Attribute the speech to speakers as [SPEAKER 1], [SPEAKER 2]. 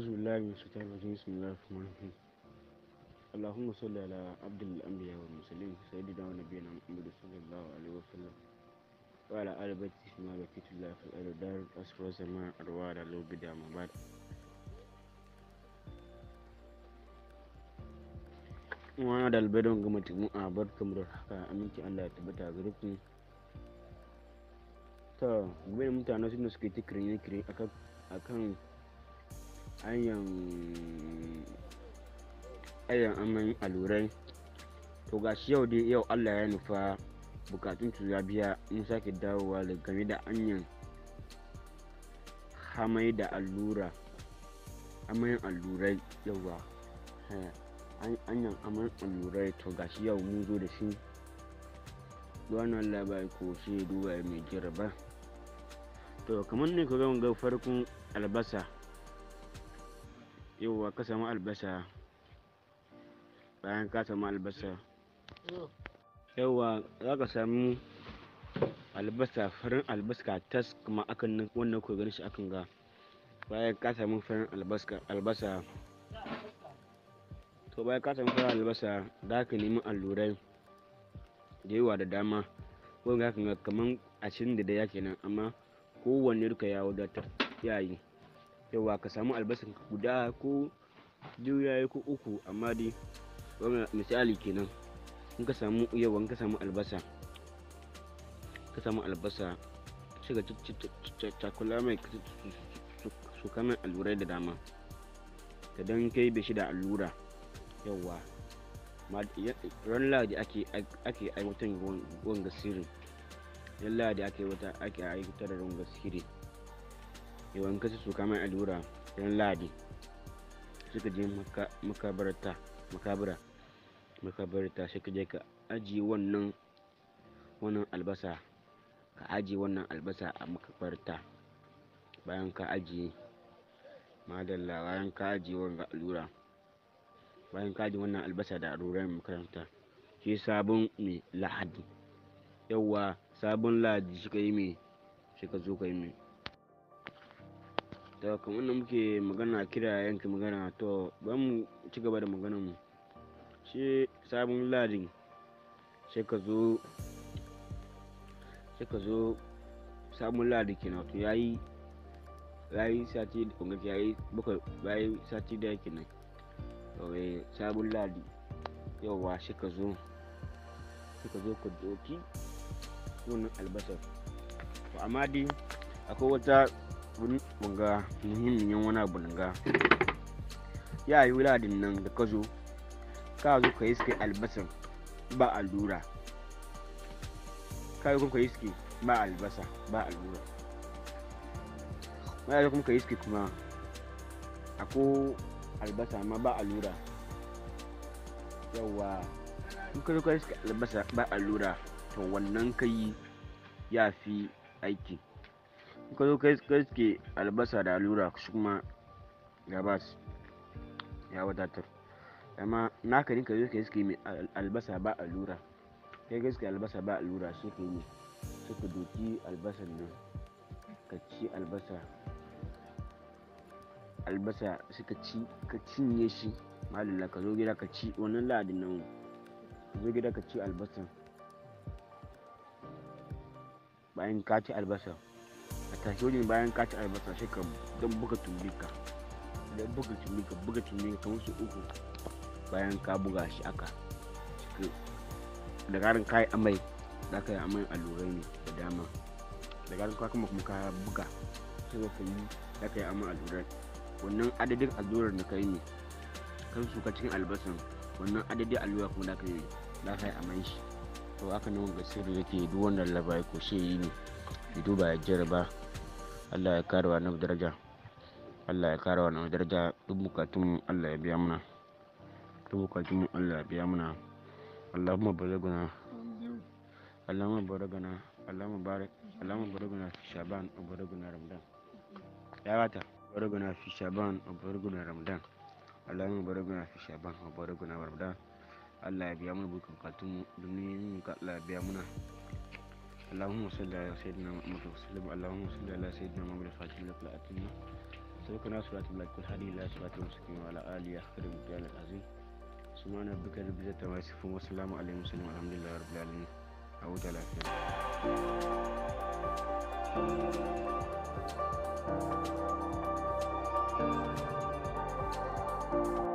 [SPEAKER 1] أعوذ بالله من الشيطان الرجيم بسم الله الرحمن الرحيم اللهم صل على عبد الأنبياء والمرسلين سيدنا ونبينا محمد صلى الله عليه وسلم وعلى آل بيته ما بقيت الله في الأرض دار الأسفل والسماء أرواد لو بدا ما بعد wani dalibai don gama jama'a bar kamar haka aminci allah ya tabbata ga rukun ta gobe mutane suna suke ta kirye-kirye akan ayyan amin alurai to ga shi yau dai yau allah ya nufa bukatun ya biya in sake dawowa da game da hanyar hamai da allura amayin allurai yawa eh, anyan amin alurai to ga shi yau mun zo da shi wannan labari ko shi duba mai jirba to kamar ne ku ga farkon albasa yauwa ka samu albasa bayan ka samu albasa yauwa za ka samu albasa farin albasa tas kuma akan nan wannan ko ganin shi akan ga bayan ka samu farin albasa to bayan ka samu farin albasa za ka nemi allurai da yawa da dama wanda ga kamar ashirin da daya kenan amma kowanne duka ya wadatar yayi yawa ka samu albasan guda ko juya ko uku amma dai misali kenan in ka samu yawa in ka samu albasa ka samu albasa shi ga cakula mai su kamar alurai da dama ka don kai shi da allura yawa ran lahadi ake aiwatar ruwan gasirin yan lahadi ake aiwatar da ruwan gasirin yawan kasu su kama allura ran ladi suka je makabarta makabara makabarta sai ka je ka aji wannan wannan albasa ka aji wannan albasa a makabarta bayan ka aji, madalla bayan ka ajiye wannan allura bayan ka aji wannan albasa da alluran makaranta shi sabon mai lahadi yawwa sabon lahadi suka yi mai suka zo ka yi mai to kamar da muke magana kira yanke magana to ba mu ci gaba da maganar mu shi sabon ladin sai ka zo sai ka zo sabon ladin kenan to yayi yayi sati da kunga yayi bakwai yayi sati da yake nan to eh sabon ladi yauwa shi ka zo shi ka zo ka doki wannan albasar to amma dai akwai wata wani bunga muhimmin yan wani bunga ya yi wuladin nan da ka zo ka zo ka yi suke albasan ba allura ka yi kuma ka yi suke ba albasa ba allura ma ya kuma ka yi suke kuma ako albasa ma ba allura yawa in ka zo ka yi suke albasa ba allura to wannan ka yi ya fi aiki ka zo kai suke albasa da alura shi kuma gabas ya wadatar amma naka ne ka zo kai suke albasa ba alura kai suke albasa ba alura sai ka yi sai ka doki albasan nan ka ci albasa albasa sai ka ci ka cinye shi malalla ka zo gida ka ci wannan ladin nan ka zo gida ka ci albasan bayan ka ci albasa a tashi wajen bayan ka ci albasa shi ka don buga tumbika da buga tumbika buga tumbika kamar su uku bayan ka buga shi aka da garin kayi amai za ka yi amai allurai ne da dama da garin ka kuma kuma ka buga sai ka yi za ka yi amai allurai wannan adadin allurar da ka yi ne kan su ka cikin albasan wannan adadin allura kuma za ka yi za ka yi amai shi to haka nan ga sirri yake duk wannan labai ko shi yi ne ki ba ya ba. Allah ya kare wa annabi daraja Allah ya kare wa annabi daraja duk bukatun Allah ya biya mana duk bukatun Allah ya biya mana Allahumma balighna Allahumma balighna Allahumma barik Allahumma balighna fi Shaban wa balighna Ramadan ya wata balighna fi Shaban wa balighna Ramadan Allahumma balighna fi Shaban wa balighna Ramadan Allah ya biya mana bukatun mu domin Allah ya biya mana اللهم صل على سيدنا محمد وسلم اللهم صل على سيدنا محمد الفاتح لما أتمنا سبقنا صلاة الله كل هذه لا صلاة المسلمين وعلى آله آخر الدين العظيم سبحان ربك رب العزة عما يصفون وسلام على المرسلين والحمد لله رب العالمين أعود على خير thank you